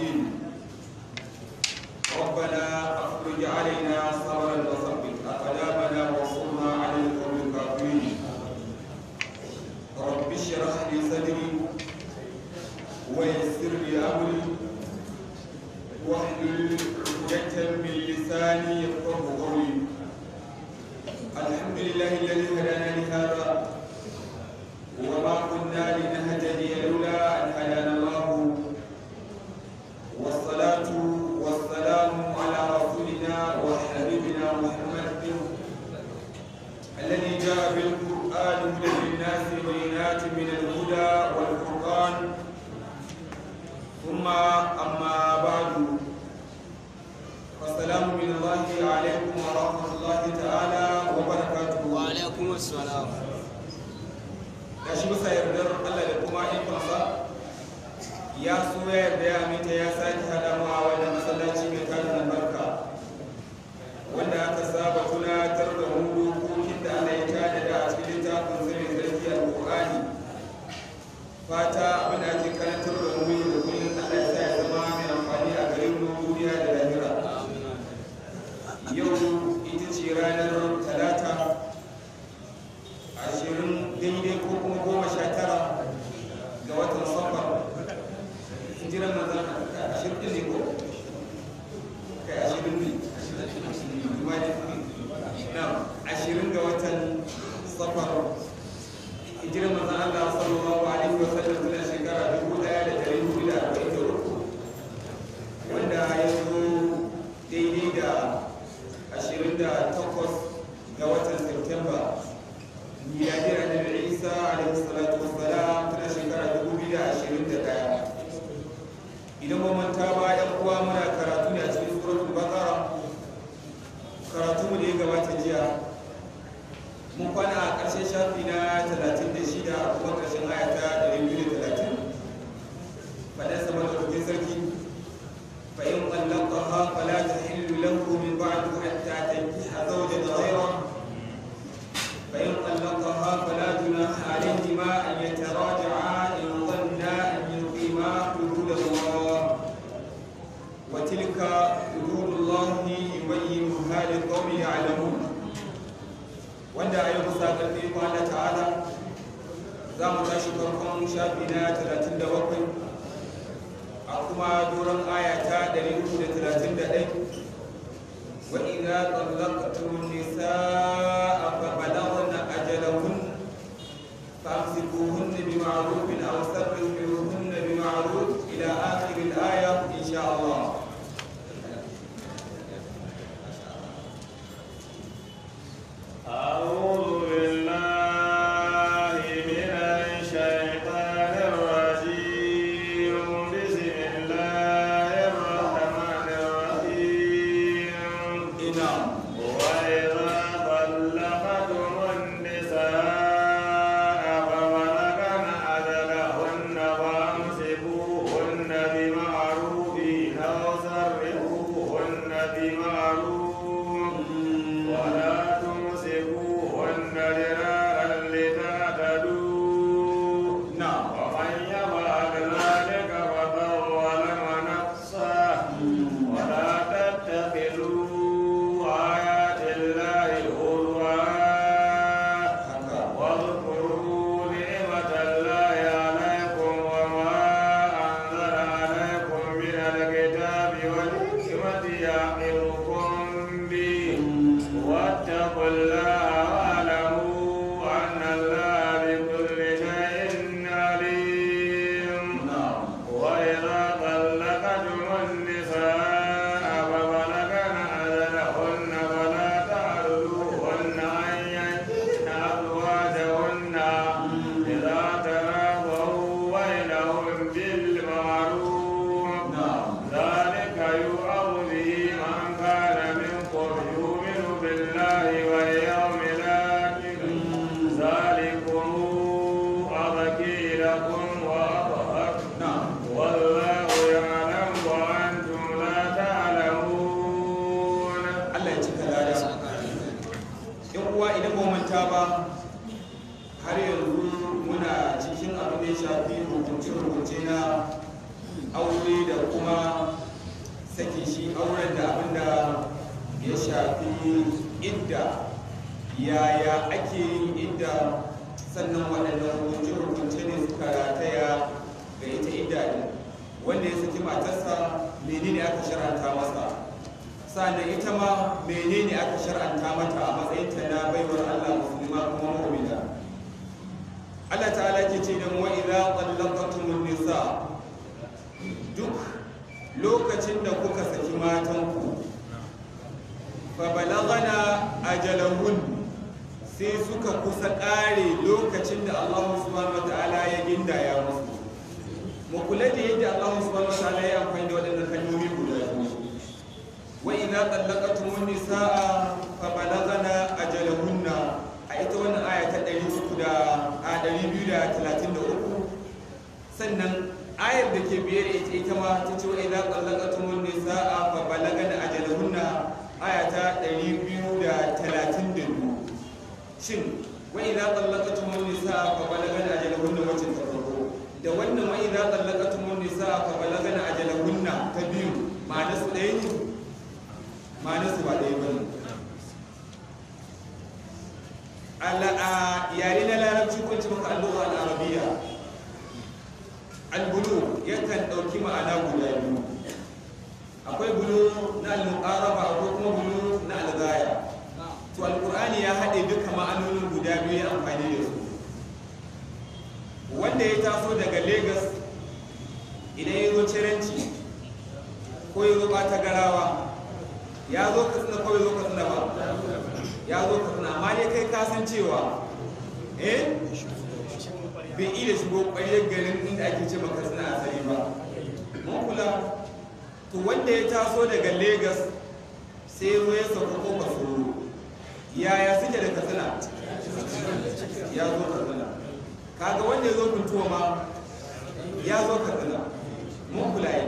الدين ربنا أخرج علينا صبرا وثبت أقدامنا وانصرنا على القوم الكافرين رب اشرح لي صدري ويسر لي أمري واحلل عقدة من لساني وسرحوهن بمعروف sannan ita ma menene aka shar'anta mata a matsayin ta na baiwar Allah musulma kuma mu'mina Allah ta'ala ke ce dan wa idza nisa duk lokacin da kuka saki matan ku fa balagana ajalahun sai suka kusa kare lokacin da Allah subhanahu wataala ya gindaya musu mu kula da yadda Allah subhanahu wataala ya amfani da waɗannan idza tallaqatumun nisaa fa balagana ajalahunna a ita wannan aya ta 300 a 233 sannan ayar da ke biyar ita ita ma ta ce wa idza tallaqatumun nisaa fa balagana ajalahunna aya ta 232 shin wa idza tallaqatumun nisaa fa balagana ajalahunna wacce ta farko da wannan wa idza tallaqatumun nisaa fa balagana ajalahunna ta biyu ma'ana su ɗaya minus ba ɗaya ba a yare na larabci ko cikin al'uwa al'arabiya albulu yakan ɗauki ma'ana guda biyu akwai bulu na al ko kuma bulu na alzaya? to Alƙur'ani ya haɗe duka ma'anonin guda biyu ya amfani da su wanda ya taso daga Legas idan ya zo ciranci ko ya zo ta garawa ya zo ka suna kawai zo ka suna ba ya zo ka suna amma dai kai kasancewa? cewa eh bai iya shigo ƙwaryar garin inda ake ce maka suna asali ba mun kula to wanda ya taso daga lagos sai zo ya sauka ko ba su yaya suke da katsina ya zo katsina kaga wanda ya zo kuntuwa ma ya zo katsina mun kula yi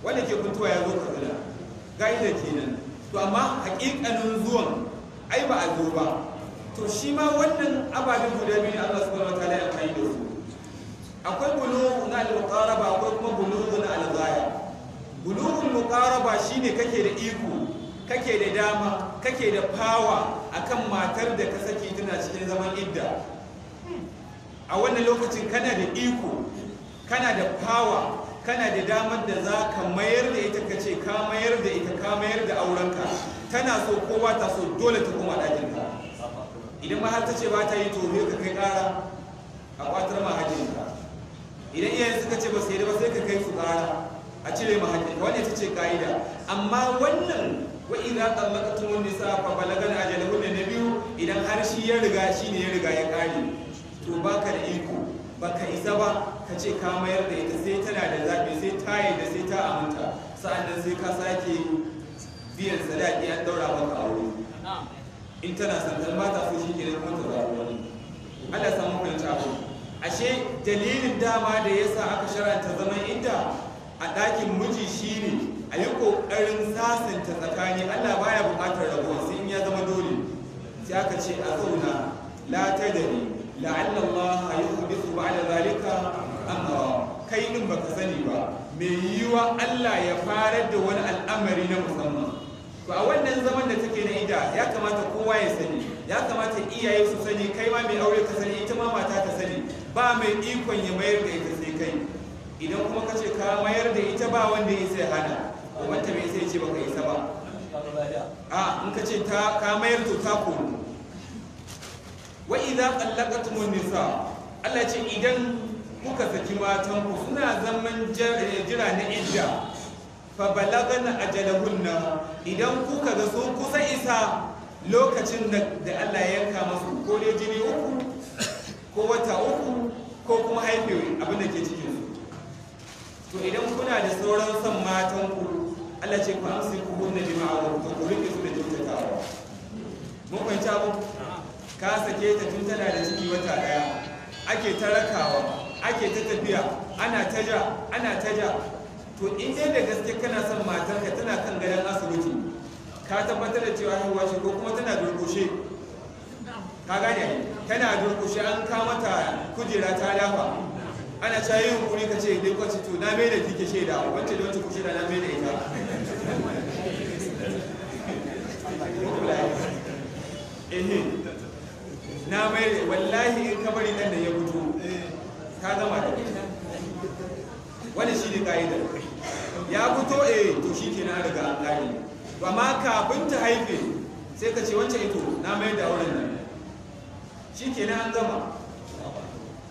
wanda ke kuntuwa ya zo katsina gaida kenan to amma hakikanin zuwan ai ba a zo ba to shi ma wannan ababen guda biyu ne Allah subhanahu wataala ya kai da su akwai bulughu na al-muqaraba akwai kuma bulughu na al-ghaya bulughu al-muqaraba shine kake da iko kake da dama kake da fawa akan matar da ka saki tana cikin zaman idda a wannan lokacin kana da iko kana da fawa kana da damar da za ka mayar da ita ka ce ka mayar da ita ka mayar da aurenka tana so ko ba ta so dole ta koma ɗakin ka idan ma har ta ce ba ta yi to ka kai ƙara a ƙwatar mahajin ka idan iyayen suka ce ba su yi ba sai ka kai su ƙara a cire mahajin ka wannan ita ce ƙa'ida amma wannan wa idza talaqtum nisa fa balagana na biyu, idan har shi ya riga shi ne ya riga ya ƙare to baka da iko baka isa ba ka ce ka mayar da ita sai tana da zaɓi sai ta yi da sai ta aminta sa'annan sai ka sake biyan sadaki an daura maka aure in tana santar ba ta so shi ke nan ta zaɓi wani Allah samu fahimta abu ashe dalilin dama da yasa aka sharanta zaman inda a ɗakin miji ne a yi ƙoƙarin sasanta tsakani Allah baya buƙatar rabuwa sai in ya zama dole sai aka ce a zauna la ta dare la'alla Allah yuhdithu ba'da zalika amra kai din baka sani ba me yiwuwa Allah ya farar da wani al'amari na musamman to a wannan zaman da take na ida ya kamata kowa ya sani ya kamata iyaye su sani kai ma mai aure ka sani ita ma mata ta sani ba mai ikon ya mayar da ita sai kai idan kuma kace ka mayar da ita ba wanda ya sai hana wanda bai sai ce baka isa ba a in kace ta ka mayar to ta komo wa idza qallaqtum nisa Allah ce idan kuka saki matan ku suna zaman jira na idda fa balagana ajalahunna idan kuka ga sun kusa isa lokacin da Allah ya yanka musu ko dai jini uku ko wata uku ko kuma haife abin da ke cikin su to idan kuna da sauran son matan ku Allah ce ku amsi ku hunna bi ma'ruf ku rike su da kyautatawa mun fahimci abu ka sake ta tun tana da ciki wata daya ake ta rakawa ake ta tafiya ana taja ana taja to in dai da gaske kana son matarka tana kan gadon asibiti ka tabbatar da cewa haihuwa ce ko kuma tana durkushe ka gane tana durkushe an kama ta kujera ta dafa ana ta yi hukuri ka ce dai kwace to na mai da kike shaida wacce da wacce kushe da na mai da ita ehe na mai wallahi in ka bari nan da ya gudu ka zama da ita wani shi ne ka'ida ya fito eh to shi ke na riga an kare to amma kafin ta haife sai ka ce wance ito na mai da wurin nan shi ke na an gama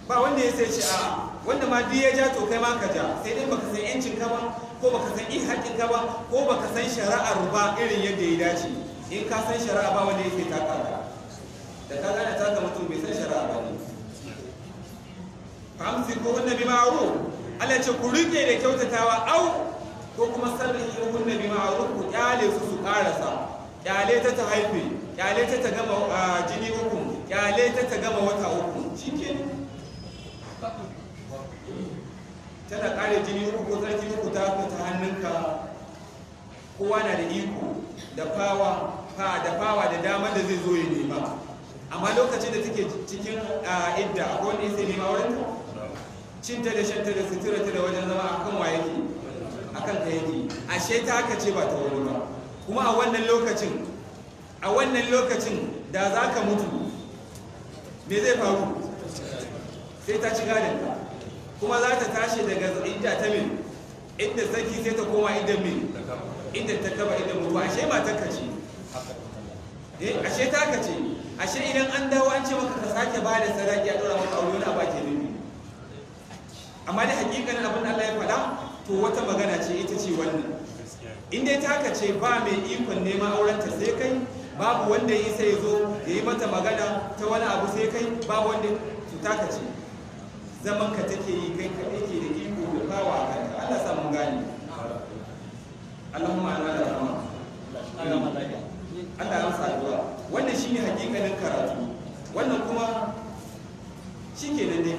ba wanda ya sai ce a wanda ma duk ya ja to kai ma ka ja sai dai baka san yancin ka ba ko baka san in haƙin ka ba ko baka san shari'ar ba irin yadda ya dace in ka san shari'a ba wanda yake taka ka da ta gane ta ga mutum bai san shari'a ba ne famsi ko kunna bi ma'ruf Allah ce ku rike da kyautatawa au ko kuma sarri ko kunna bi ma'ruf ku kyale su su karasa kyale ta ta haife kyale ta ta gama jini uku kyale ta ta gama wata uku shikenan tana kare jini uku ko tsarki uku ta ta hannunka kowa na da iko da fawa da fawa da dama da zai zo ya nema amma lokacin da take cikin idda akwai wanda ne nema wurin ta cinta da shanta da sutura ta da wajen zama akan wa a akan kai yake ashe ta aka ce ba ta wuri ba kuma a wannan lokacin a wannan lokacin da za ka mutu me zai faru sai ta ci gadon ka kuma za ta tashi daga idda ta min inda sarki sai ta koma idan min inda ta kaba idan mutu ashe ba ta kaci. Eh, ashe ta ka ce ashe idan an dawo an ce maka ka sake ba da sadaki a dora maka aure wani abu ake nufi amma da hakikanin abin da Allah ya faɗa to wata magana ce ita ce wannan in dai ka ce ba mai ikon neman aurenta sai kai babu wanda ya sai zo ya yi mata magana ta wani abu sai kai babu wanda ta ka ce zaman ka take yi kai ka ke da iko da bawa a kanta, Allah samu gani Allahumma ala da rahama Allah Allah ya amsa addu'a wannan shine hakikalin karatu wannan kuma shikenan dai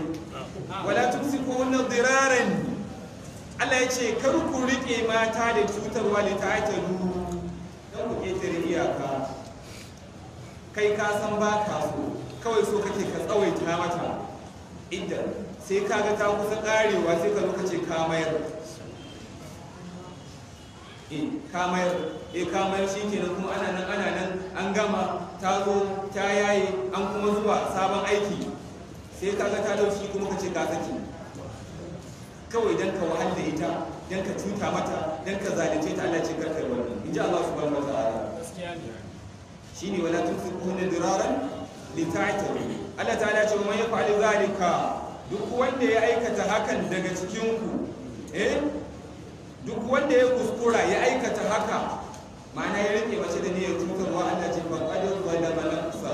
wala tumsiku wannan ziraren Allah ya ce kar ku rike mata da cutarwa da ta'atalu don ku ketare iyaka kai ka san ba ka so kawai so kake ka tsawaita mata idan sai kaga ta kusa karewa sai ka zo ka ka mayar Eh, kamar e eh, kamar shi kenan kuma ana nan ana nan an gama ta zo ta yaye an kuma zuwa sabon aiki sai kaga ta shi kuma ka ce ka saki kawai dan ka wahala ita dan ka cuta mata dan ka zalunce ta Allah ce karkar wannan in ji Allah subhanahu wataala shine wala tunfiquna diraran lita'tabi Allah ta'ala ce man yaf'al zalika duk wanda ya aikata hakan daga cikin ku eh duk wanda ya kuskura ya aikata haka ma'ana ya rike mace da niyyar cutarwa Allah ce ba ban qadin zalama kusa.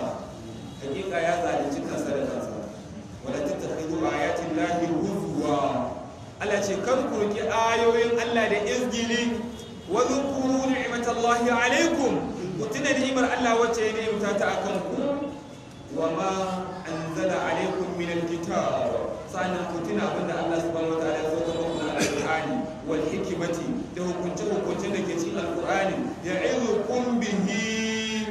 hakika ya zalunci kansa da kansa wala tattakhidhu ayatin lahi huzwa Allah ce kan kurki ayoyin Allah da izgili wa dhkuru ni'matallahi alaikum ku tuna ni'imar Allah wacce ya ni'imta ta akan ku wa ma anzala alaikum min alkitab sanan ku tuna abinda Allah subhanahu wa ta'ala ya zo ga muku na alqur'ani wal hikma ya izu bihi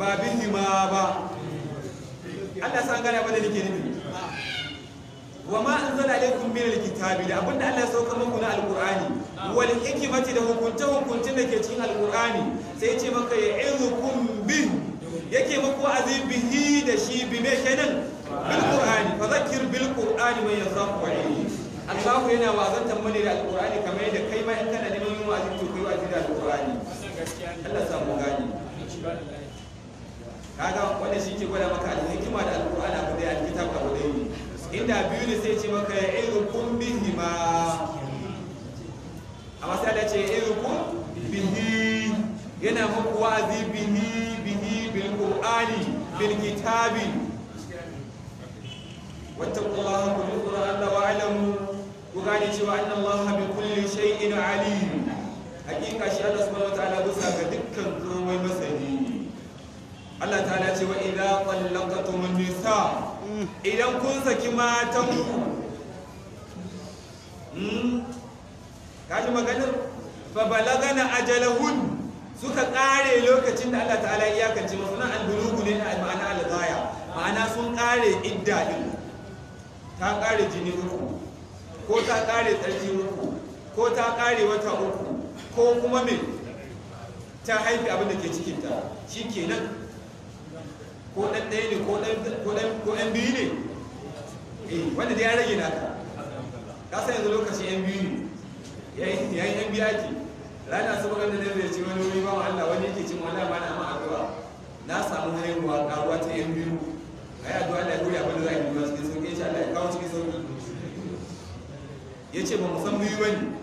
ba bihi ma ba Allah san gane ba da nake nufi wa ma anzala alaikum min alkitabi da abinda Allah ya sauka muku na alqur'ani wal hikmati da hukunce hukuncin da ke cikin alqur'ani sai ya ce maka ya izukum bihi yake muku azibihi da shi bi me kenan bil qur'ani fa zakkir bil qur'ani man yakhafu yana da kamar yadda kai ma neman mu aji ku yi aji da Qur'ani Allah sa mu kaga shi ke gwada maka al-hikima da al-Qur'ani abu al-kitab da yi inda biyu ne sai ce maka ya ilkum bihi ma amma sai Allah ce ilkum bihi yana muku wa'azi bihi bihi bil Qur'ani bil kitabi واتقوا الله كل قرآن وعلموا وقال الله بكل شيء عليم hakika shi Allah subhanahu wataala bisa ga dukkan komai masani ne Allah ta'ala ce wa idza tallaqtum nisa idan kun saki matan ku hmm, kaji maganar fa balagana ajalahun suka kare lokacin da Allah ta'ala ya kance masu nan albulugu ne ma'ana alghaya ma'ana sun kare idda din ta kare jini uku ko ta kare tsarki uku ko ta kare wata uku ko kuma me ta haifi abin da ke cikinta shi kenan ko ɗan ɗaya ne ko ɗan biyu ne eh, wanda dai ya rage naka ka san yanzu lokacin yan biyu ne ya yi yan biyu ake rana su bakan da zai ce wani wuri ba Allah wani yake cin wani amana amma ma addu'a na samu haihuwa karuwa ta yan biyu a yi addu'a ya kuri abin da za a yi cikin sauƙi insha Allah ya kawo cikin sauƙi ya ce ba mu san biyu ba ne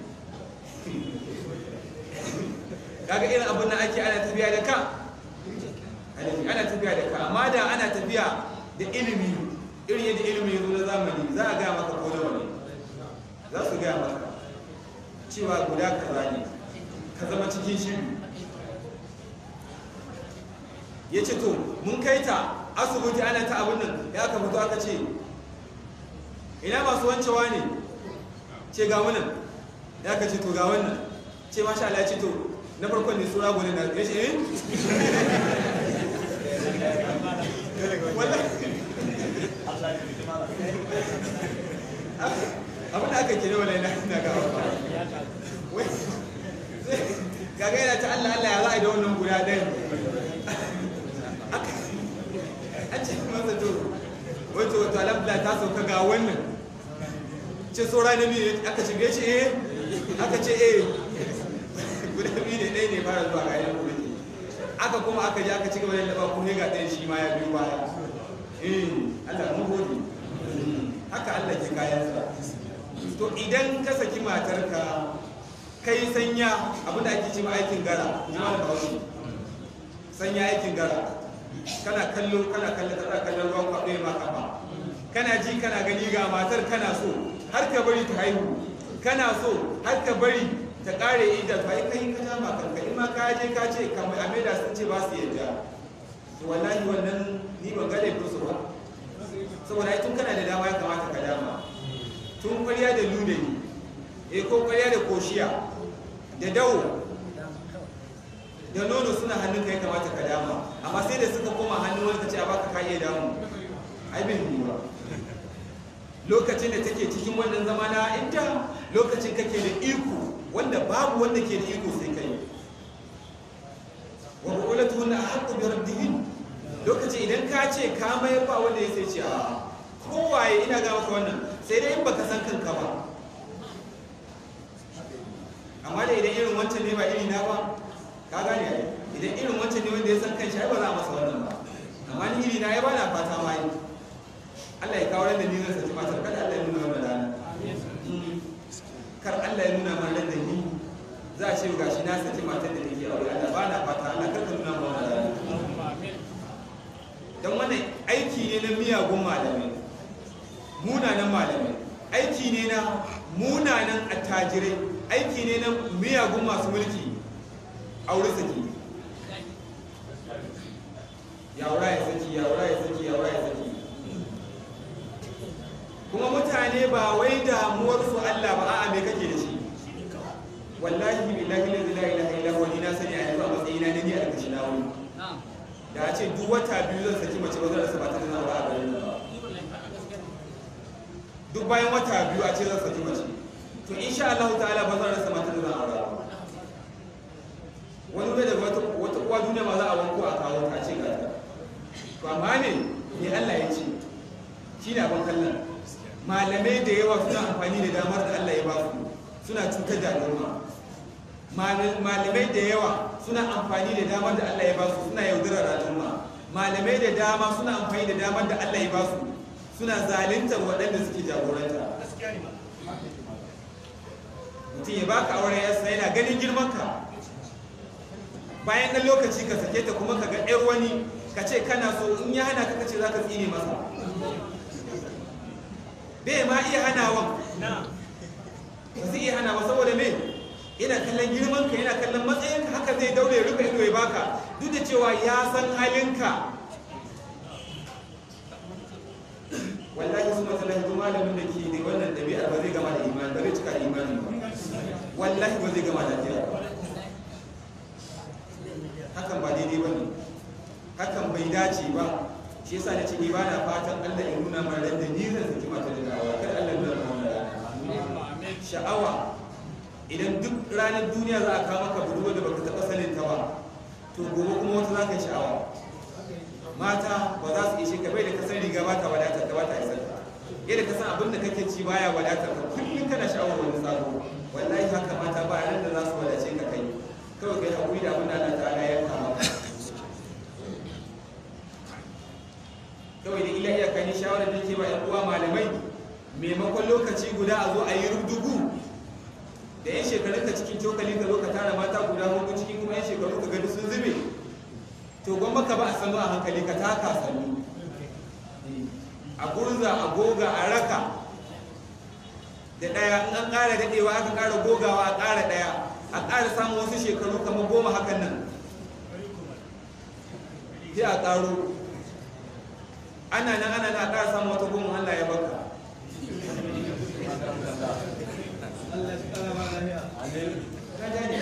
kaga irin abin da ake ana tafiya da ka ana tafiya da ka amma da ana tafiya da ilimi irin yadda ilimi ya zo na zamani za a gaya maka ko da ne za su gaya maka cewa guda ka zane ka zama cikin shi ya ce to mun kai ta asibiti ana ta abin nan ya aka fito aka ce ina masu wancewa ne ce ga munan ya ka ce to ga wannan ce masha Allah ya ce to na farko ne tsura gwani na ya eh? ce abin da aka kere wani yana na gawa ba gaga yana ta Allah Allah ya za'a da wannan guda ɗaya an ce masa to wato wato alhamdulillah ta sauka ga wannan ce saura na biyu aka shige shi eh aka ce eh biyu da ɗaya ne fara zuwa ga yanar mulki aka kuma aka ji aka ci gaba da laba kuma ga ɗayan shi ma ya biyu baya eh Allah mu gode haka Allah ke kayan sa to idan ka saki matarka kai sanya abinda ake cewa aikin gara na bawo sanya aikin gara kana kallon kana kallo kana kallon ruwan kwaɗo ma kafa kana ji kana gani ga matar kana so har ka bari ta haihu kana so har ka bari ta kare idan bai kai ka ta ma kanka ma ka je ka ce kamar ameda sun ce ba su yadda to wallahi wannan ni ban gane ko su ba saboda ai tun kana da dama ya kamata ka dama tun kwarya da ne eh ko kwarya da koshiya da dawo da nono suna hannun ka ya kamata ka dama amma sai da suka koma hannun wani ka ce a baka kayi damu ai bin ba lokacin da take cikin wannan zama na inda lokacin kake da iko wanda babu wanda ke da iko sai kai wa qulatu na haqqu bi rabbihin lokacin idan ka ce ka mayar ba wanda ya sai ce a kowaye ina ga maka wannan sai dai in baka san kanka ba amma dai idan irin wancan ne ba iri na ba ka gane idan irin wancan ne wanda ya san kanshi ai ba za a masa wannan ba amma ni iri na ai ba na fata ma yi Allah ya kawo da nizar zan saki matar kada Allah ya nuna mana rana kar Allah ya nuna mana da ni za a ce gashi na saki matar da nake aure Allah ba na fata Allah kar ka nuna mana rana dan wannan aiki ne na miyagun malamai munanan malami aiki ne na munanan attajirai aiki ne na miyagun masu mulki aure saki yaura ya saki yaura ya saki yaura ya saki kuma mutane ba wai damuwarsu Allah ba a'a me kake da shi wallahi billahi la ilaha illa huwa ni na sani a yanzu a matsayina na ne a kashi na wuri da a ce duk wata biyu zan saki mace ba zan rasa ba ta zama ba a garin duk bayan wata biyu a ce zan saki mace to insha Allah ta'ala ba zan rasa mata da zan aura ba wani bai da wata wata uwa duniya ma za a wanko a kawo ta ce ga ta to amma ne ni Allah ya ce shi ne abin kallon malamai da yawa suna amfani da damar da Allah ya ba su suna cutar da al'umma malamai da yawa suna amfani da damar da Allah ya ba su suna da al'umma malamai da dama suna amfani da damar da Allah ya ba su suna zalintar waɗanda suke jagoranta mutum ya baka auren yasa yana ganin girmanka bayan ɗan lokaci ka sake ta kuma ka ga 'yar wani ka ce kana so in ya hana ka ce za ka tsine masa bai ma iya hana ba zai iya hanawa saboda mai yana kallon girman ka yana kallon matsayinka haka zai daure rufe ido ya baka duk da cewa ya san halinka wallahi su matsalahi duk malamin da ke da wannan ɗabi'ar ba zai gama da imani ba zai cika da imani ba wallahi ba zai gama da lafiya ba hakan ba daidai ba ne hakan bai dace ba shi yasa nace ni ba na fatan Allah ya nuna mana da ni zan saki mata da gawa kar Allah ya nuna mana sha'awa idan duk ranar duniya za a kawo maka budurwa da baka taɓa sanin ta ba to gobe kuma wata za ka sha'awa mata ba za su ishe ka bai da san riga ba ta wadatar ta ba ta isa isar yadda ka san abin da kake ci baya wadatar ka kullum kana sha'awar wani sabo wallahi haka mata ba ran da za su wadace ka kai kawai kai hakuri da abin da Allah ta'ala ya kawai da ila iya kani shawarar da ke ba yan uwa malamai maimakon lokaci guda a zo a yi rubdugu da yan shekarun ka cikin cokali ka zo ka tara mata guda hudu cikin kuma yan shekaru ka gani sun zube to gwamba ka ba a sanu a hankali ka taka sanu a gurza a goga a raka da ɗaya in an ƙara daɗewa aka kara gogawa a ƙara ɗaya a kara samun wasu shekaru kama goma hakan nan sai a ƙaro ana nan ana na ƙara samu wata gumin Allah ya baka ka gane da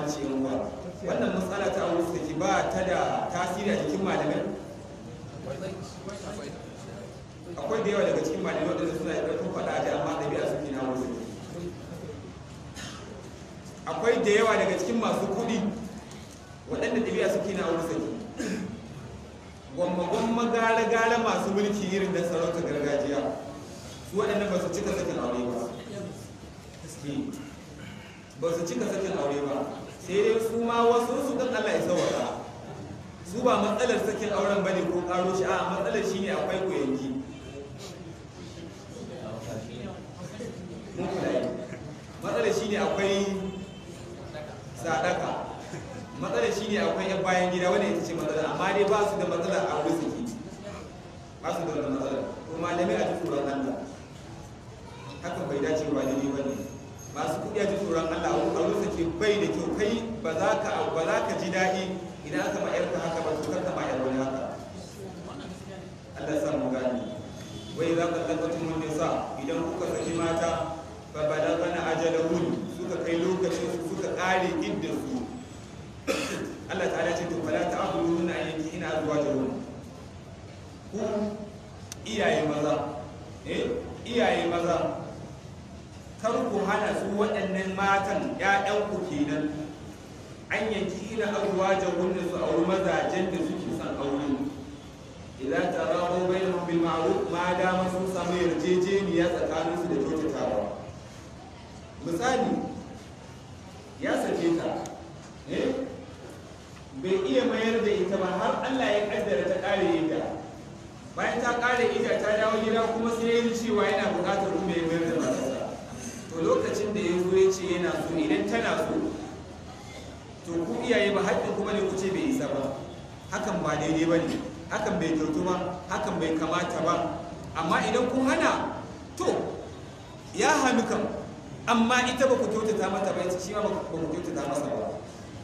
ke wannan matsala ta ba ta da tasiri a jikin malamai akwai da yawa daga cikin malamai wadanda suna da ƙarfin faɗa a da ɗabi'a su ke na wasu akwai da yawa daga cikin masu kuɗi waɗanda ɗabi'a suke na aure saki gwamma-gwamma gara masu mulki irin da sarauta gargajiya su waɗanda ba su cika sakin aure ba ba su cika sakin aure ba sai dai su ma wasu su kan Allah ya sauwara su ba matsalar sakin auren bane ko karo shi a matsalar shi ne akwai koyanki matsalar shi ne akwai shine akwai yan bayan gida wanda ita ce matsala amma dai ba su da matsala a arziki ba su da matsala kuma malami a ji tsoron Allah hakan bai dace ba da ba bane masu kudi a ji tsoron Allah a arziki bai da kyau kai ba za ka ba za ka ji daɗi idan aka ma yarka haka ba to ka ba yar wani haka Allah ya mu gani wai za ka tabbatar mun sa idan kuka saki mata fa balagana ajalahun suka kai lokacin su suka kare idda su Allah ta'ala ce wala fala ta'budu min yanki ina wani ku iyaye maza eh iyaye maza kar ku hana su waɗannan matan ƴaƴan ku kenan an yanki ina azwajuhum da su auri mazajen da suke son aure idan bai da mafi ma'aru ma dama sun samu yarjejeniya tsakaninsu da kyautatawa misali ya sake ta eh bai iya mayar da ita ba har Allah ya kaddara ta kare ita bayan ta kare ita ta dawo gida kuma sai ya cewa yana bukatar kuma ya mayar da matarsa to lokacin da ya zo ya ce yana so idan tana so to ku iyaye ba haƙƙin kuma ne ku ce bai isa ba hakan ba daidai ba ne hakan bai kyautu ba hakan bai kamata ba amma idan kun hana to ya hannu kan amma ita ba ku kyautata mata ba ita shi ma ba ku kyautata masa ba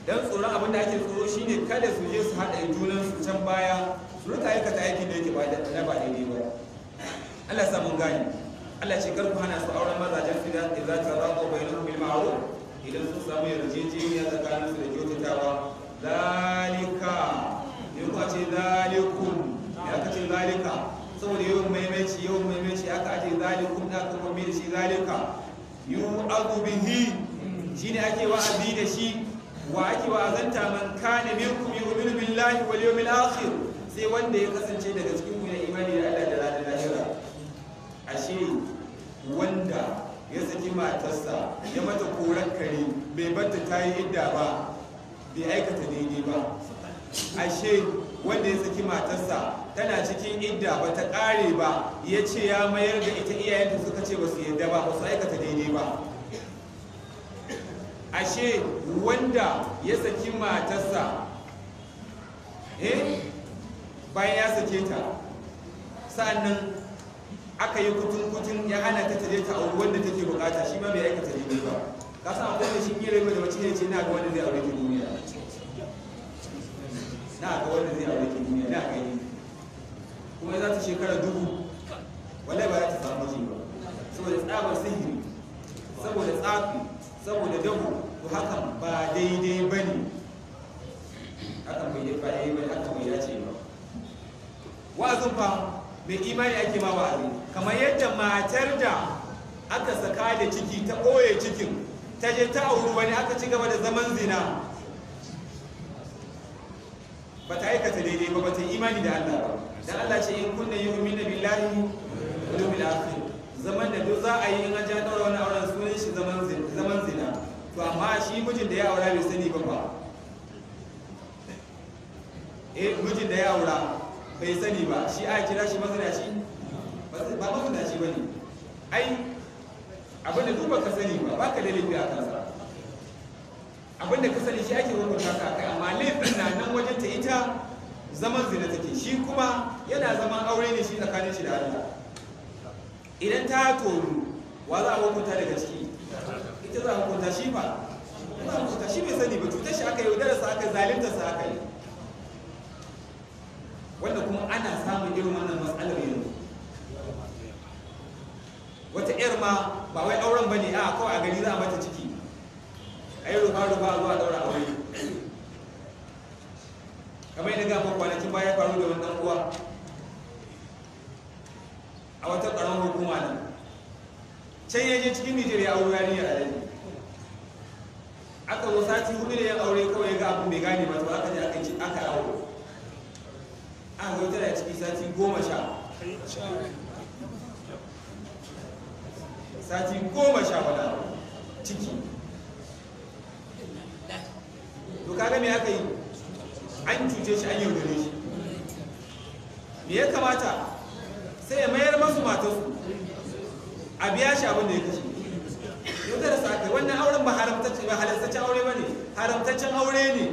dan tsoron abin da ake tsoro shine kada su je su haɗa junan su can baya su rika aikata aikin da yake ba da ba daidai ba Allah sa mun gani Allah ce kar ku hana su auren mazajen su da za ta bai bainahu bil ma'ruf idan sun samu yarjejeniya tsakanin su da kyautatawa zalika yau ka ce zalikum ya ka ce zalika saboda yawan maimaici yawan maimaici aka ce, zalikum da aka kuma mai da shi zalika yu'adu bihi shine ake wa'azi da shi wa ake wa'azanta man kana minkum yu'minu billahi wal yawmil akhir sai wanda ya kasance daga cikin ku ya imani da Allah da ranar lahira ashe wanda ya saki matarsa ya mata koran kare bai bata ta yi idda ba bai aikata daidai ba ashe wanda ya saki matarsa tana cikin idda ba ta kare ba ya ce ya mayar da ita iyayenta suka ce ba su yadda ba ba su aikata daidai ba ashe wanda ya saki matarsa eh bayan ya sake ta sa'annan aka yi kutun-kutun ya hana ta tare ta auri wanda take bukata shi ma bai aikata ne ba ka san akwai da shi ne rai da mace ne ce na ga wanda zai aure ki duniya na ga wanda zai aure ki duniya na ga kuma za ta shekara dubu wallahi ba za ta samu ji ba saboda tsabar sihiri saboda tsafi saboda dabo to hakan ba daidai ba ne hakan bai ba daidai ba ne eh, hakan bai dace ba wa'azin fa mai imani ake ma wa'azi kamar yadda matar da aka saka da ciki ta ɓoye cikin ta je ta auri wani aka ci gaba da zaman zina ba ta aikata daidai ba ba ta imani da Allah ba dan Allah ce in kunna yi na billahi wal yawmil akhir zaman da duk za a yi in ajiya ja daura wani auren sunan shi zaman zina to amma shi mijin da ya aura bai sani ba ba eh mijin da ya aura bai sani ba shi a kira shi masanaci ba masanaci ba ne ai abinda duk ka sani ba baka da laifi a kansa abinda ka sani shi ake rubuta ka kai amma laifin na nan wajen ta ita zaman zina take shi kuma yana zaman aure ne shi tsakanin shi da Allah idan ta toru wa za a hukunta daga ciki ita za a hukunta shi ba ita za a hukunta shi bai sani ba cutar shi aka yi darasa aka zalinta sa aka yi wanda kuma ana samun irin wannan matsalar yanzu wata yar ma ba wai auren ba ne a kawai a gari za a mata ciki a yi rufa-rufa zuwa daura aure kamar yadda gama kwanakin baya faru da wannan uwa a wata ƙaramin hukuma nan can yaje cikin nigeria a wurare a yanzu aka zo sati hudu da ya aure kawai ya ga abu bai gane ba to aka je aka ci aka aure a zo tana ciki sati goma sha sati goma sha wada ciki to kaga me aka yi an cuce shi an yaudare shi me ya kamata sai ya mayar masu matarsu a biya shi abin da ya kashe yaudara su aka wannan auren ba haramtaccen ba halartaccen aure ba ne haramtaccen aure ne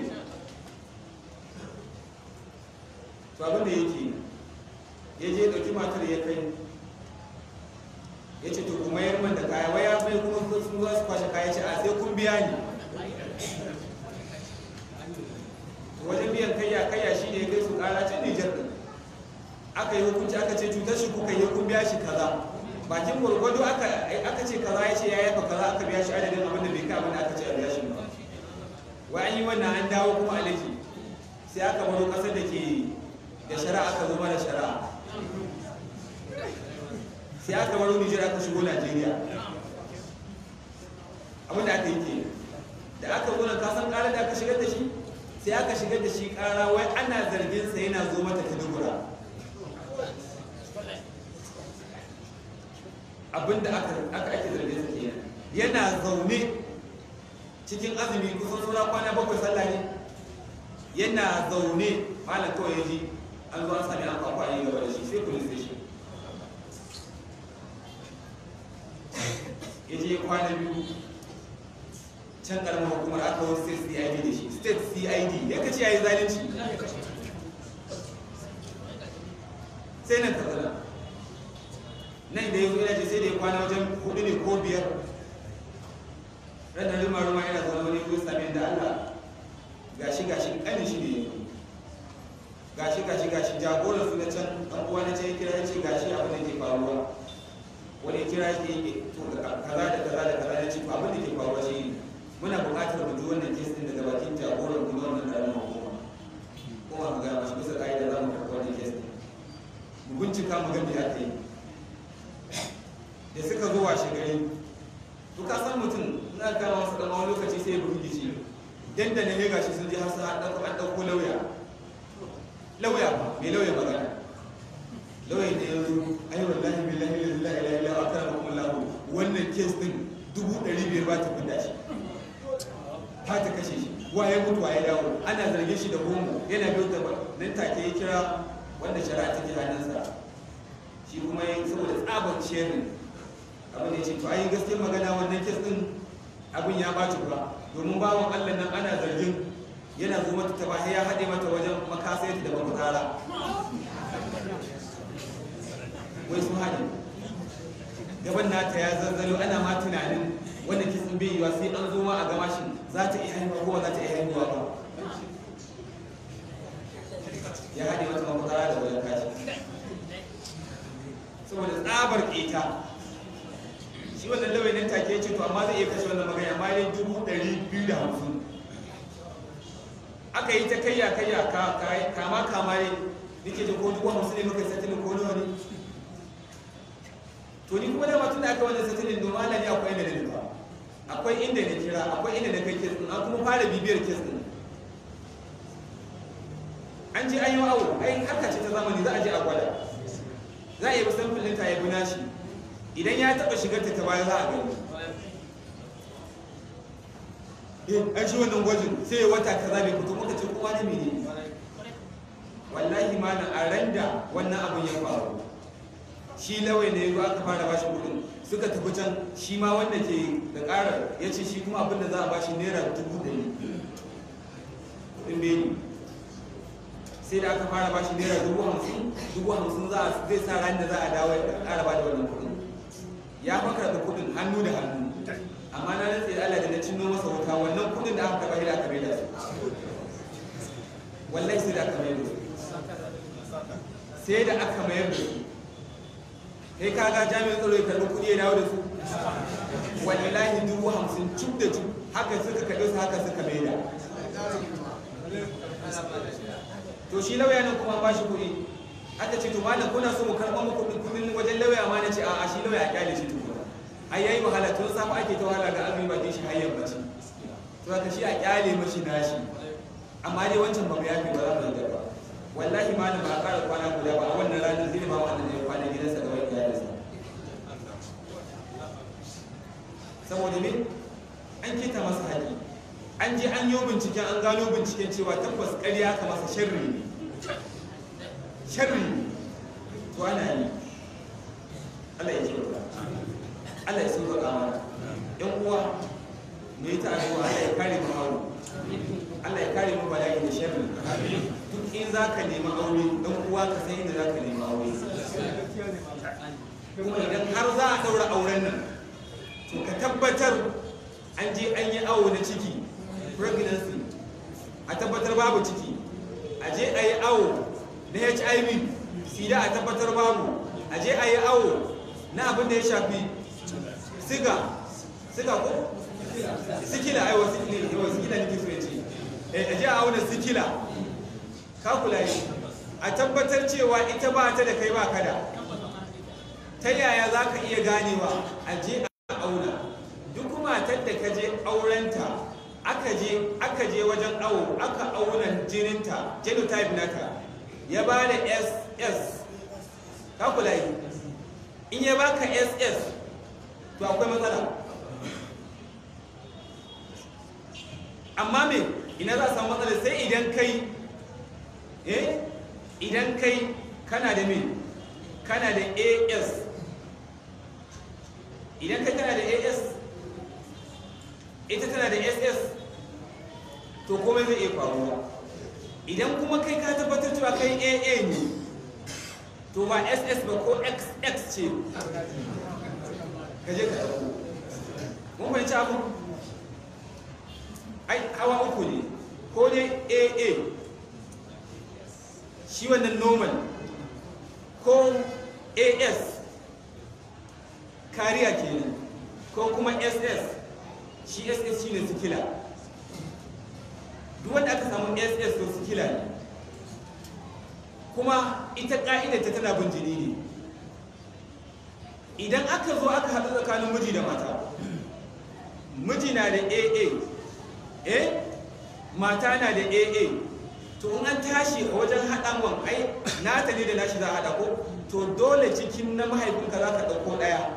to abin da yake ya je ɗauki matar ya kai ya ce to kuma yar man da kaya waya bai kuma sun za su kwashe kaya ce a sai kun biya ni wajen biyan kaya-kaya shi ne ya kai su ƙara ce nijar da aka yi hukunci aka ce cutar shi kuka yi kun biya shi kaza bakin gwargwado aka ce kaza ya ce ya yafa kaza aka biya shi adadin abin da bai kai abin da aka ce a biya shi ba wa an yi wannan an dawo kuma alaji sai aka baro kasar da ke da shari'a aka zo mana shari'a sai aka baro nijar aka shigo najeriya abin da aka yi ke da aka zo kasan ƙarar da aka shigar da shi sai aka shigar da shi ƙara wai ana zargin sa yana zo mata ta dubura abinda aka ake zargin su kenan yana zaune cikin azumi kusan sura kwana bakwai sallah ne yana zaune malam kawai yaji an zo an sami an kwakwa yi gaba da shi sai police sai ya je kwana biyu can karamar hukumar aka wani state cid da shi state cid ya kace ya yi zalunci sai nan kaza nan da ya zo yana ce sai da ya kwana wajen hudu ne ko biyar ranar rima ruwa yana zama wani ko sami da allah gashi gashi kanin shi ne gashi gashi gashi jagoran su na can abuwa uwa na can ya kira ya ce gashi abu da ke faruwa wani ya kira ya ke to kaza da kaza da kaza ya ce abu da ke faruwa shi ne muna buƙatar mu ji wannan kes din daga bakin jagoran ku wannan ranar hukuma ko ba mu ga mashi bisa ka'ida za mu karɓi wannan kes din mu bincika mu ga me yi da suka zo washe gari to ka san mutum ina kana wasu dan wani lokaci sai ya burgice dan da ne shi sun ji har sai an dauko an dauko lauya lauya ba me lauya magana lauya ne ai wallahi billahi la ilaha illa Allah akramakum Allah wannan case din dubu ɗari biyar ba ta kunda shi ta ta kashe shi waye mutu waye dawo ana zargin shi da homo yana biyo ta nan take ya kira wanda shara ta ji hannunsa shi kuma yin saboda tsabar sharing abin da ya ce to ayin gaskiyar magana wannan kes din abin ya ba ba domin bawan allah nan ana zargin yana zo mata ta ya haɗe mata wajen makasayar da babu kara wai su haɗe gaban nata ya zanzalo ana ma tunanin kes din bai yiwa sai an zo ma a gama shi za ta iya haihuwa ko za ta iya haihuwa ba ya haɗe mata babu kara da wajen kaji saboda tsabar ƙeta shi wannan lawai nan take ce to amma zai iya kashe wannan magana amma yayin dubu ɗari biyu da hamsin aka yi ta kayya kayya kama kama ne nake jin ko dubu hamsin ne muka satilin ko nawa ne to ni kuma dama tun da aka wannan satilin domin ana ne akwai inda ne ba akwai inda ne kira akwai inda na kai kes ɗin an kuma fara bibiyar kes ɗin an je an yi awo ai harka ce ta zamani za a je a gwada za a yi musamman ta yi bi nashi idan ya taba shigarta ta bayan za a gani eh an shi wannan gwajin sai wata kaza bai fito muka ce kowa ne mene wallahi ma na da wannan abin ya faru shi lawai ne ya aka fara bashi kudin suka tafi can shi ma wanda ke da ƙarar ya ce shi kuma abin da za a bashi naira dubu ne kudin beni sai da aka fara bashi naira dubu hamsin dubu hamsin za a zai sa ran da za a dawo ya ƙara ba da wannan kudin ya fa da kuɗin hannu da hannu amma na rantsi Allah da na cinno masa wuta wannan kudin da aka karɓa da aka maida su wallahi sai da aka maida su sai da aka mayar da su kai ka ga jami'in tsaro ya karɓi kuɗi ya dawo da su wallahi dubu hamsin cuk da cuk haka suka karɓi su haka suka maida to shi lauya nan kuma ba shi kuɗi hatta ce to malam kuna so mu karɓa muku kudin wajen lauya ma nace ce a'a shi lauya a kyale shi tukuna ai yayi wahala tun mu ake ta wahala ga azumi bakin shi har yammaci to ka shi a kyale mashi nashi amma dai wancan ba mu yafe ba za mu da ba wallahi malam ba ƙara kwana guda ba a wannan ranar zai ba wannan da kwana gidansa da wani iyalinsa saboda me an kita masa haƙi an je an yi binciken an gano binciken cewa tabbas ƙarya ka masa sharri ne sharri to ana yi Allah ya sauka Allah ya sauka mana yan uwa mu yi ta addu'a Allah ya kare mu aure Allah ya kare mu bala'i da sharri duk in za ka nemi aure dan uwa ka san inda za ka nemi aure kuma idan har za a daura auren nan to ka tabbatar an je an yi awo na ciki pregnancy a tabbatar babu ciki a je a yi awo na hiv sida a tabbatar babu a je a yi awo na abin da ya shafi siga siga ko sikila aiwa sikila Sikila so ya ce eh, a je a auna sikila kula yi a tabbatar cewa ita ba ta da kai ba kada ta yaya za ka iya ganewa a je a auna duk matar da ka je aurenta aka je wajen awo aka auna jininta genotype naka ya ba da ss ka kula yi in ya ka ss to akwai matsala amma me ina za a samu matsala sai idan kai eh idan kai kana da me kana da as idan kai kana da as ita tana da ss to komai zai iya faruwa idan kuma kai ka tabbatar cewa kai aa ne to ba ss ba ko xx ce kaje ka ɗauko mun ci abu ai hawa uku ne ko dai aa shi wannan normal ko as kariya ke ko kuma ss shi ss shine sikila duk wanda aka samu ss to kila ne kuma ita ka'ida ta tana bin jini ne idan aka zo aka haɗu tsakanin miji da mata miji na da aa e eh? mata na da aa to in an tashi a wajen haɗan wan ai ta ne da nashi za a haɗa ko to dole cikin na mahaifinka za ka ɗauko ɗaya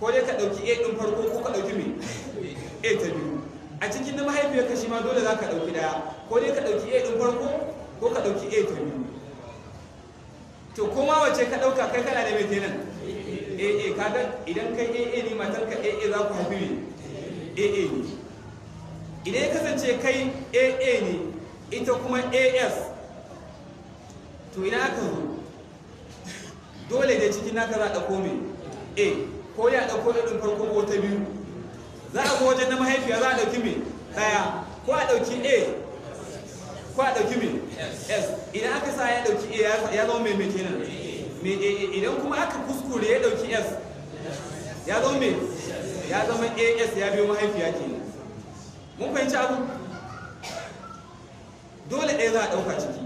ko dai ka ɗauki a ɗin farko ko ka ɗauki mai a ta biyu a cikin na mahaifiyarka shi ma dole za ka ɗauki ɗaya ko dai ka ɗauki a ɗin farko ko ka ɗauki a ta biyu to kuma wace ka ɗauka kai kana da mai kenan aa kaga idan kai A a ne A A za ku haifi a A ne idan ya kasance kai A A ne ita kuma as to ina aka zo dole da cikin naka za a ɗauko mai a ko ya ɗauko ɗin farko ko ta biyu za a zo wajen na mahaifiya za a ɗauki me ɗaya ko a ɗauki a ko a ɗauki me s idan aka sa ya ɗauki a ya zama mai mai kenan idan kuma aka kuskure ya ɗauki s ya zama me ya zama as ya biyo mahaifiya kenan mun fahimci abu dole ɗaya za a ɗauka ciki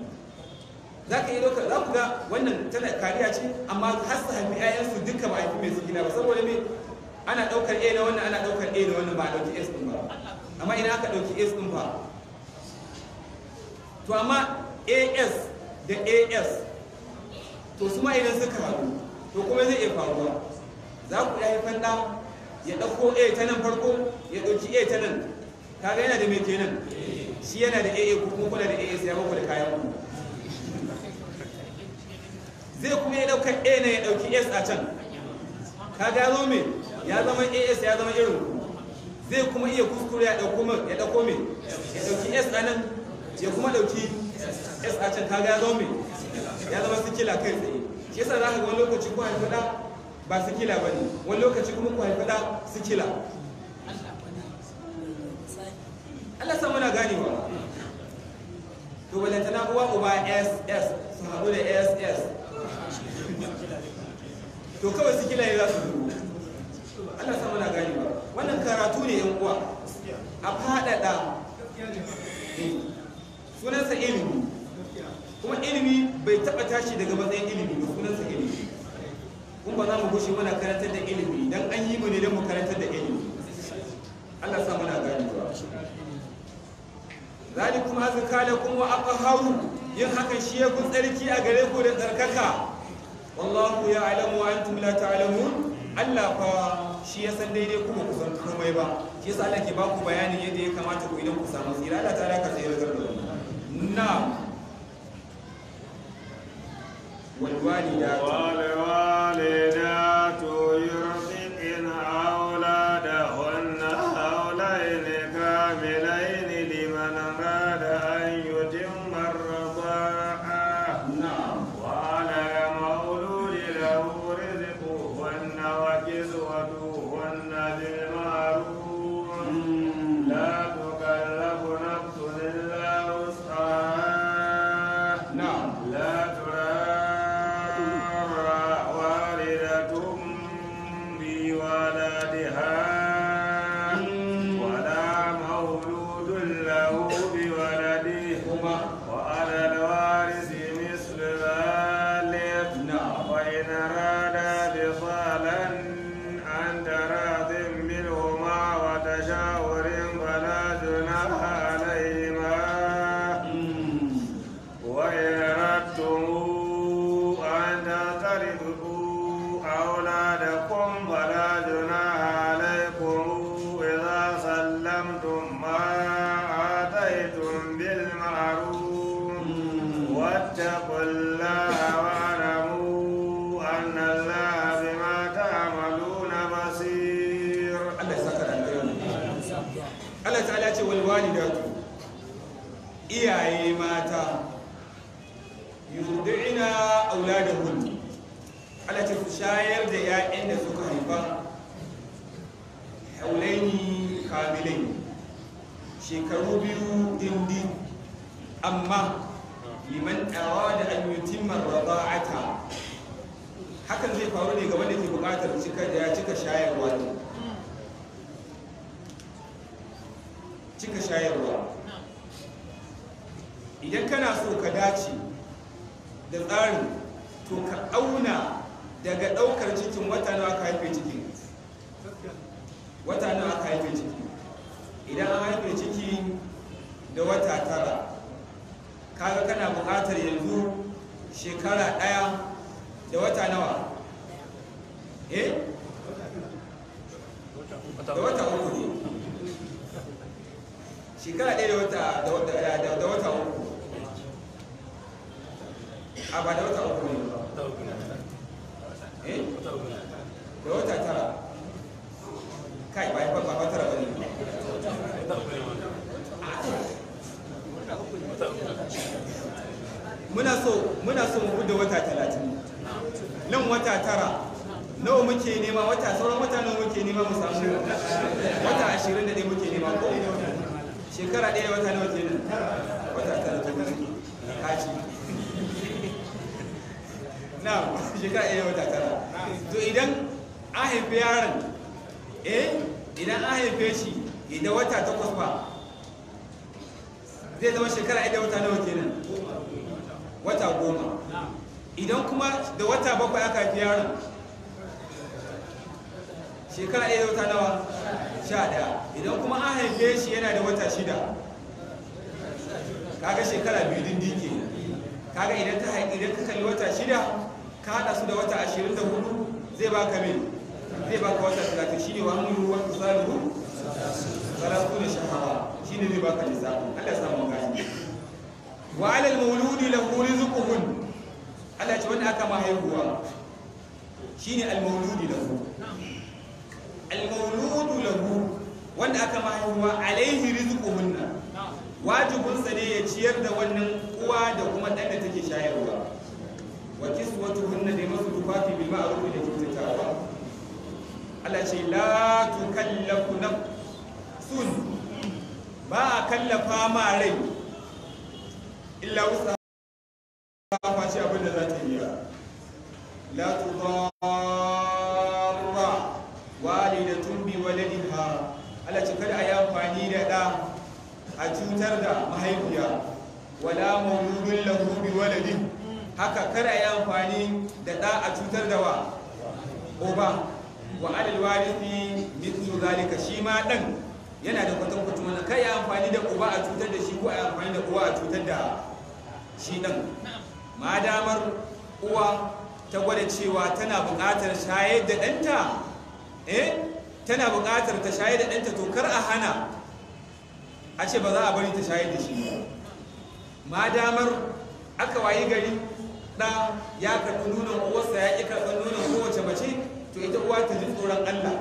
za ka yi ɗauka za ku ga wannan tana kariya ce amma har su haifi 'ya'yansu duka ba a mai su ba saboda me ana ɗaukar a na wannan ana ɗaukar a na wannan ba a ɗauki s din ba amma ina aka ɗauki s din ba to amma as da as to su ma idan suka haɗu to kuma zai iya faruwa za ku iya haifan ɗan ya ɗauko a ta nan farko ya ɗauki a ta nan kaga yana da mai kenan shi yana da aa ko kuma kuna da aa sai maku da kayan ku zai kuma ya ɗaukar a na ya ɗauki s a can kaga zo mai ya zama as ya zama irin zai kuma iya kuskure ya dauko mai ya dauko mai ya dauki s a nan ya kuma dauki s a can kaga ya zama mai ya zama sikila kai tsaye shi yasa za ka ga wani lokaci ku haifi da ba sikila ba ne wani lokaci kuma ku haifi da sikila Allah san muna ganewa to balantana uwa uba ss su haɗu da ss to kawai sikila ya za su zuru Allah sama na gani ba wannan karatu ne yan uwa a faɗaɗa sunansa ilimi kuma ilimi bai taɓa tashi daga matsayin ilimi ba sunansa ilimi kun ba za mu gushe muna karantar da ilimi dan an yi mu ne dan mu karantar da ilimi Allah sama na gani ba zalikum azka lakum wa aqharu yin hakan shi ya kun tsarki a gare ku da tsarkaka wallahu ya alamu wa antum la ta'lamun Allah fa shi ya san daidai kuma ku san komai ba shi yasa Allah ke ba ku bayanin yadda ya kamata ku idan ku samu tsira Allah ta ka tsayar da ku na wal walida wal walid da wata tara kaga kana buƙatar yanzu shekara ɗaya da wata nawa eh da wata uku ne shekara ɗaya da wata uku a ba da wata uku wata bakwai aka haifi yaron shekara iya da wata nawa sha ɗaya idan kuma an haife shi yana da wata shida kaga shekara biyu din dike kaga idan ta haifi idan ka kalli wata shida ka haɗa su da wata ashirin da hudu zai baka min zai baka wata talatin shi ne wa hannu ruwan tsalihu salatu da shahawa shi ne zai baka lissafin allah samun gani wa alal mauludi lahu rizquhun Allah ce wanda aka ma haihuwa shine al-mauludu lahu al-mauludu lahu wanda aka ma haihuwa alaihi rizquhunna wajibun sa ne ya ciyar da wannan uwa da kuma dan da take shayarwa wa hunna da masu tufafi bil ma'ruf da kyautatawa Allah ce la tukallafu nafsun ba a kallafa ma rai illa wasa لا تضار والدة بولدها Allah ce kada a yi amfani da ɗa a cutar da mahaifiya wala mawludun lahu bi waladi haka kada a yi amfani da ɗa a cutar da wa uba wa alal warisi mithlu zalika shi ma dan yana da kwatan kwatan wannan kai ya amfani da uba a cutar da shi ko a yi amfani da uwa a cutar da shi dan ma damar uwa ta gwada cewa tana buƙatar shayar da ɗanta eh tana buƙatar ta shayar da ɗanta to kar a hana a ce ba za a bari ta shayar da shi ma damar aka wayi gari ɗa ya karɓi nunan uwarsa ya ƙi karɓar nunan kowace mace to ita uwa ta ji tsoron allah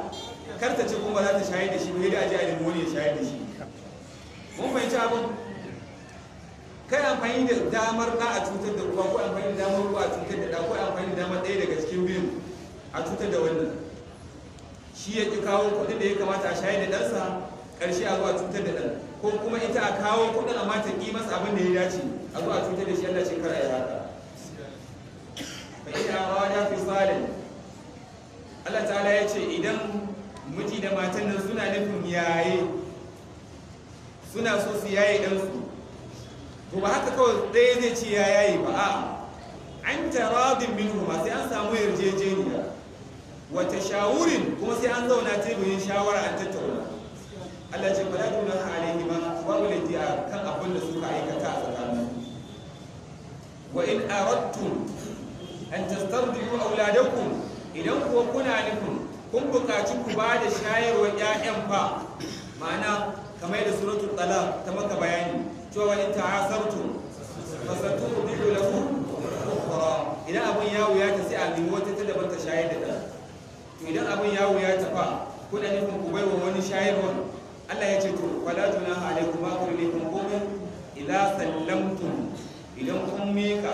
kar ta ce kuma za ta shayar da shi ba da a ji a limoni ya shayar da shi mun fahimci abin kai amfani da damar ka a cutar da ruwa ko amfani da damar ruwa a cutar da ko amfani da damar ɗaya daga cikin biyu a cutar da wannan shi ya ƙi kawo kuɗin da ya kamata a shayar da ɗansa ƙarshe a zuwa cutar da ɗan ko kuma ita a kawo kuɗin amma ta ƙi masa abin da ya dace a zuwa cutar da shi Allah shi kara ya haka fa ina ya fi salin Allah ta'ala ya ce idan miji da matan nan suna nufin yaye suna so su yaye ɗansu to ba haka kawai ɗaya zai ce ya yayi ba a an taradin minhu ma sai an samu yarjejeniya wata shawurin kuma sai an zauna teburin shawara an tattauna Allah ce fala dunaha alaihi ba, babu laifi a kan abin da suka aikata a tsakanin wa in aradtum an tastardiu auladakum idan kuwa kuna nufin kun buƙaci ku ba da shayarwa 'ya'yan fa ma'ana kamar da suratul talaq ta maka bayani cewa in ta'asartum fasatubidu lahu ukhra idan abun ya wuya ta sai a nemi wata ta daban ta shayar da ɗan to idan abun ya wuya ta fa ko da nufin ku baiwa wani shayarwa Allah ya ce to wala junaha alaikum ma kullikum qawmin idza sallamtum idan kun mika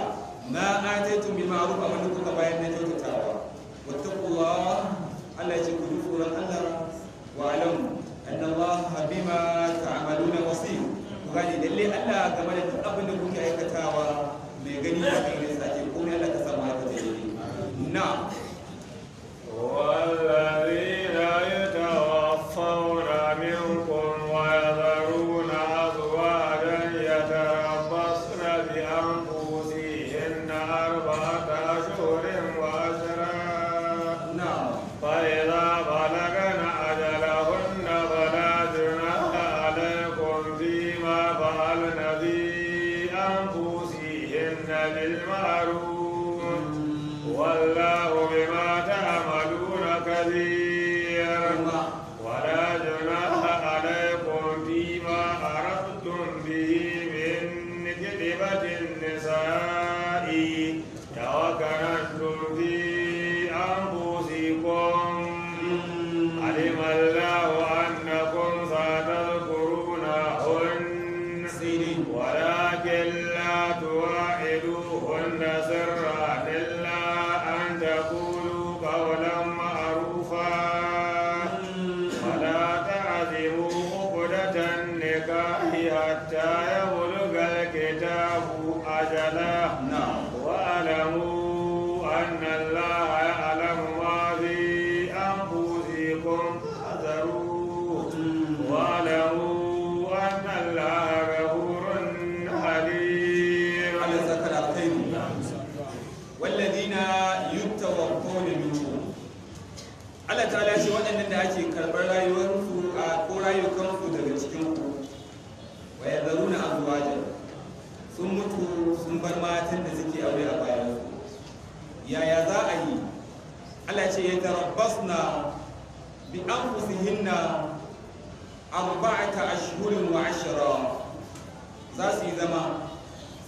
ma ataitum bil ma'ruf amma kuka bayar na kyautatawa wattaqullah Allah ya ce ku tsoron Allah wa alam anna Allah bima ta'maluna basir gane lalle Allah game da duk abin da kuke aikatawa mai gani da kai ne sake komai Allah ka samu haka da na wallahi que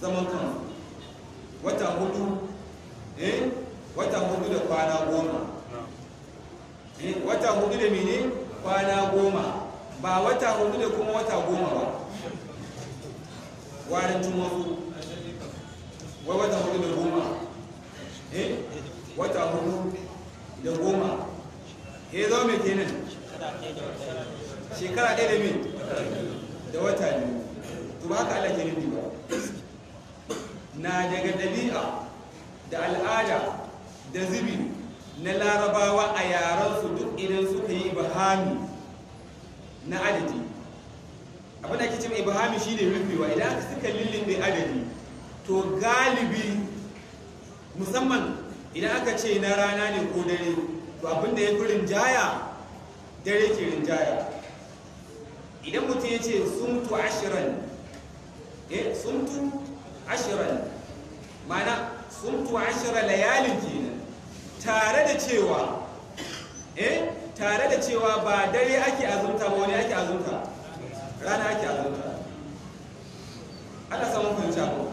zaman kan wata hudu eh wata hudu da kwana goma eh wata hudu da mene kwana goma ba wata hudu da kuma wata goma ba warin jumafu wai wata hudu da goma eh wata hudu da goma ya eh, zo mai kenan shekara ɗaya da min da wata ne to ba ka Allah ke ba na daga dabi'a da al'ada da zubi na larabawa a yaransu duk idan suka yi ibahami na adadi abin da ake ibahami shi ne rufewa idan suka lullube adadi to galibi musamman idan aka ce na rana ne ko dare to abin da ya fi rinjaya dare ke rinjaya idan mutum ya ce sun tu ashirin eh sun tu ashirin mana sumtu ashara layalin kenan tare da cewa eh tare da cewa ba dare ake azunta ba wani ake azunta rana ake azunta ana samun kwanci abu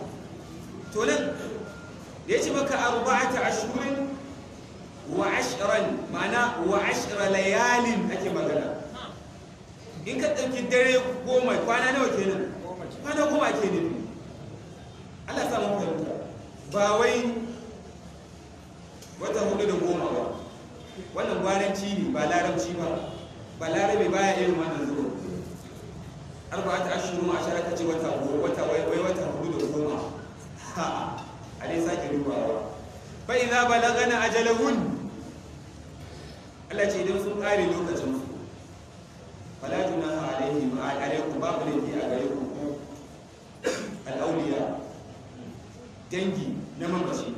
to nan da ya ci maka arba'ata ashirin wa ashirin ma'ana wa ashirin layalin ake magana in ka ɗauki dare goma kwana nawa kenan kwana goma ke nufi Allah samun fahimta ba wai wata hudu da goma ba wannan gwaranci ne ba larabci ba ba larabe ba ya irin wannan zuwa arba'ata ashirin a shara ta ce wata wata wai wata hudu da goma ha a dai sake dubawa fa idza a ajalahun Allah ce idan sun kare lokacin su fala junaha alaihim alaikum babu laifi a gare ku al'auliya dangi na mamaci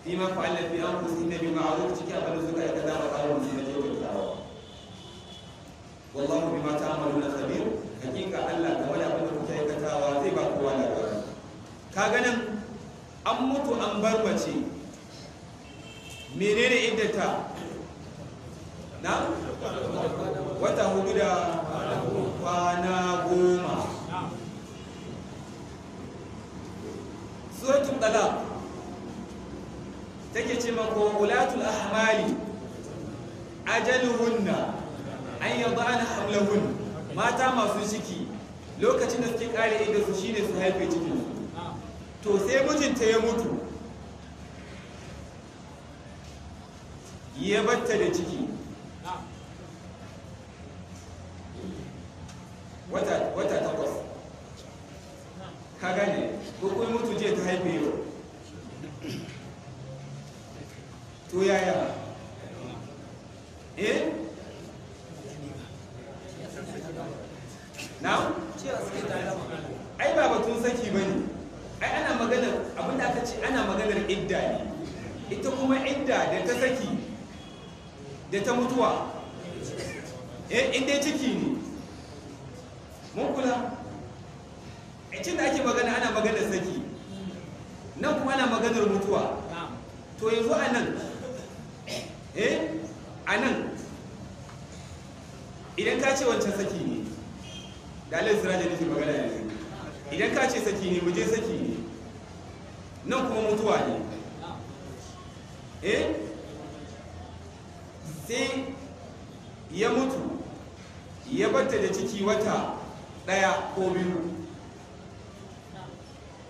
fi ma fa'alla fi anfusihim bi ma'ruf cikin abin da suka yi kaza ba tare da mutum da kyautatawa wallahu bima ta'maluna khabir hakika Allah ga wani abin da kuke aikatawa zai ba kowa labari ka ganin an mutu an bar mace menene iddata na wata hudu da kwana goma qada take ce man ko ulatul ahmali ajaluhunna an yadana hamlahun mata masu ciki lokacin da suke kare idan su shine su haife ciki to sai mijinta ya mutu ya batta da ciki wata wata ka gane ko kuma mutu je ta haife yau to yaya eh na ai ba batun saki bane ai ana magana abinda aka ce ana maganar idda ne ita kuma idda da ta saki da ta mutuwa eh inda ciki ne mun kula Eh, cin da ake magana ana maganar saki nan kuma ana maganar mutuwa to yanzu a nan eh a nan idan ka ce wancan saki ne da alai zira da nake magana yanzu idan ka ce saki ne muje saki ne nan kuma mutuwa ne eh sai ya mutu ya batta da ciki wata ɗaya ko biyu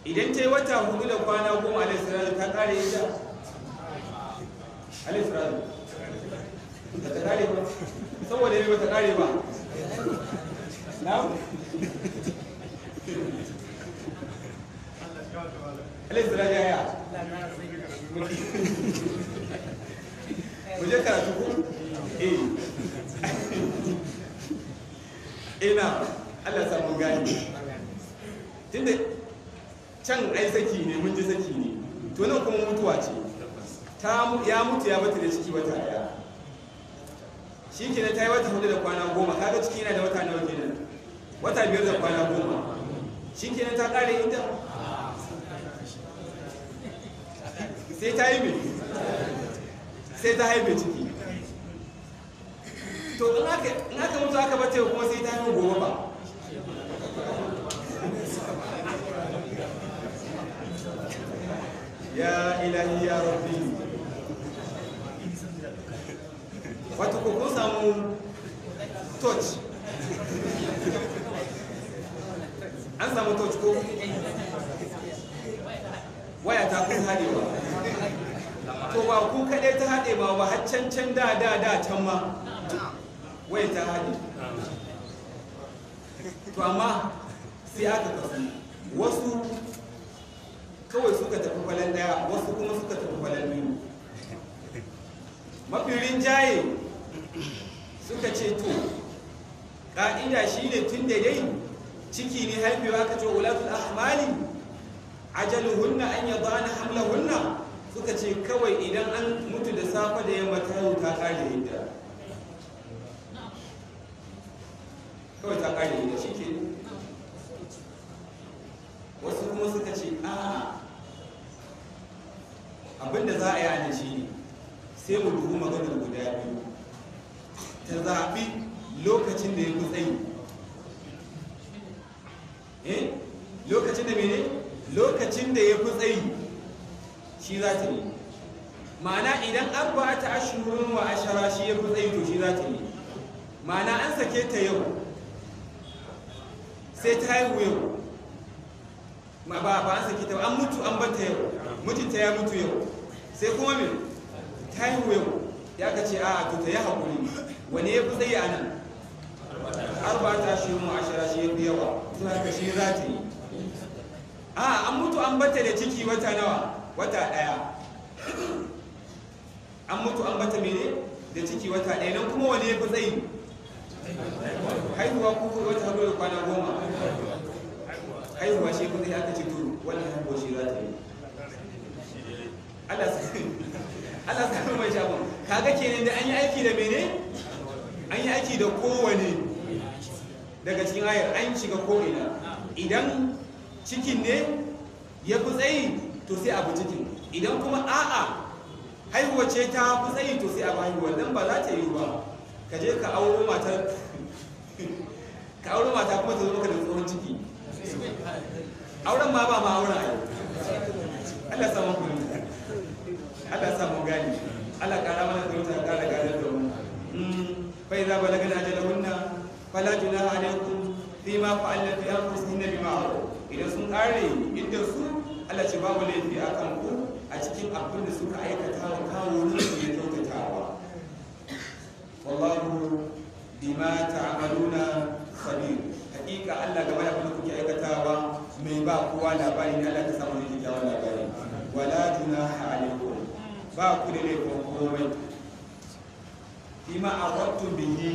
idan ta yi wata hudu da kwana goma alaihissalatu ta kare ita alaihissalatu ba ta kare ba saboda yi ba ta kare ba na alaihissalatu ya ya kuje karatu ko e eh. ina Allah samu gani tunda ne mun ji saki ne to nan kuma mutuwa ce ta ya mutu ya bata da ciki wata daya shi ke ta yi wata hudu da kwana goma kaga ciki yana da wata nawa kenan wata biyar da kwana goma shi ke ta kare inda sai ta yi mai sai ta haife ciki to in aka mutu aka bata kuma sai ta yi goma ba ya ilahi ya rabbi wato ko kun samu touch an samu touch ko waya ta kun haɗewa to ba ku kaɗai ta haɗe ba ba haccan can da da da can ma waya ta haɗe to amma sai aka kasu wasu kawai suka tafi kwalen daya wasu kuma suka tafi kwalen biyu mafirin jaye suka ce to Ka'ida shi ne tun da dai ciki ne haifewa ka ce wulatul ahmali ajaluhunna an yadana hamlahunna suka ce kawai idan an mutu da safa da yamma ta yau ta kare yadda kawai ta kare yadda shi ke suka ce a abinda za a yi ana shi ne sai mu dubu maganar guda biyu ta zaɓi lokacin da ya fi tsayi eh lokacin da mene lokacin da ya fi tsayi shi za ta yi ma'ana idan an ba ta ashirin wa ashara shi ya fi tsayi to shi za ta yi ma'ana an sake ta yau sai ta haihu yau ma ba ba an saki ta an mutu an bata yau mijinta ya mutu yau sai kuma me ta haihu yau ya ka ce a to ta yi haƙuri wani ya fi yi a nan arba ta shi mu ashara shi ya fi yawa to haka shi za ta yi a an mutu an bata da ciki wata nawa wata ɗaya an mutu an bata mene da ciki wata ɗaya nan kuma wani ya fi tsayi haihuwa kuma wata hudu da kwana goma haihuwa shi kudi aka ce turu wannan haihuwa shi za ta yi Allah sa mai shafin kaga kenan da an yi aiki da mene an yi aiki da kowane daga cikin ayar an shiga ko'ina idan cikin ne ya fi tsayi to sai abu cikin idan kuma a'a haihuwa ce ta fi tsayi to sai abu haihuwa dan ba za ta yi ba ka je ka auro mata ka auro mata kuma ta zo maka da tsohon ciki auren ma ba ma auren ayo Allah Allah gani Allah kara mana da mu mm, fa ajalahunna fala junaha alaykum fima fa'alna fi idan sun kare idan su Allah babu laifi a ku a cikin abin da suka aikata wa kawo ne su ya kyautatawa wallahu bima ta'maluna khabir hakika Allah gaba da ba kowa labari ne Allah ta samu ne kyakkyawan labari wala junaha alaikum ba ku da laifin komai bima aqattum bihi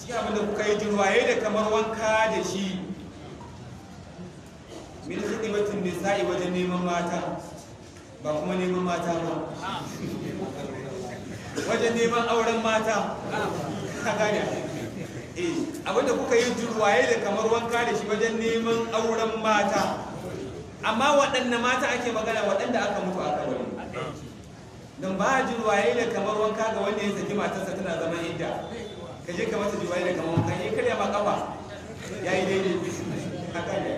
cikin abin da kuka yi jirwaye da kamar wanka da shi min khidmatin nisa'i wajen neman mata ba kuma neman mata ba wajen neman auren mata ka gane Eh, abinda kuka yi jurwaye da kamar wanka da shi wajen neman auren mata amma waɗanne mata ake magana waɗanda aka mutu a kawai don ba jurwaye da kamar wanka ga wanda ya saki matarsa tana zama inda ka je ka mata jurwaye da kamar wanka ya eh, karya ma kafa ya yi daidai haka ne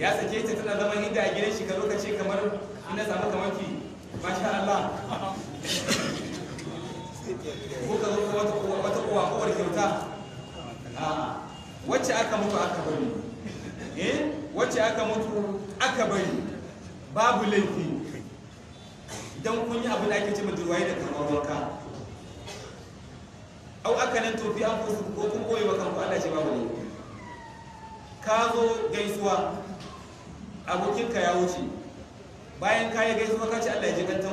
ya sake ta tana zama inda a gidan shi ka zo ka ce kamar ina samu kamar ki masha Allah ko ka zo wata kowa kowar kyauta wacce aka mutu aka bari eh wacce aka mutu aka bari babu laifi Don kun yi abu da ake ce budurwaye da kamar wanka au aka nan tofi an kusa ko kun koyi wa kanku Allah ce babu laifi ka zo gaisuwa abokinka ya wuce bayan ka yi gaisuwa ka ce Allah ya ji kan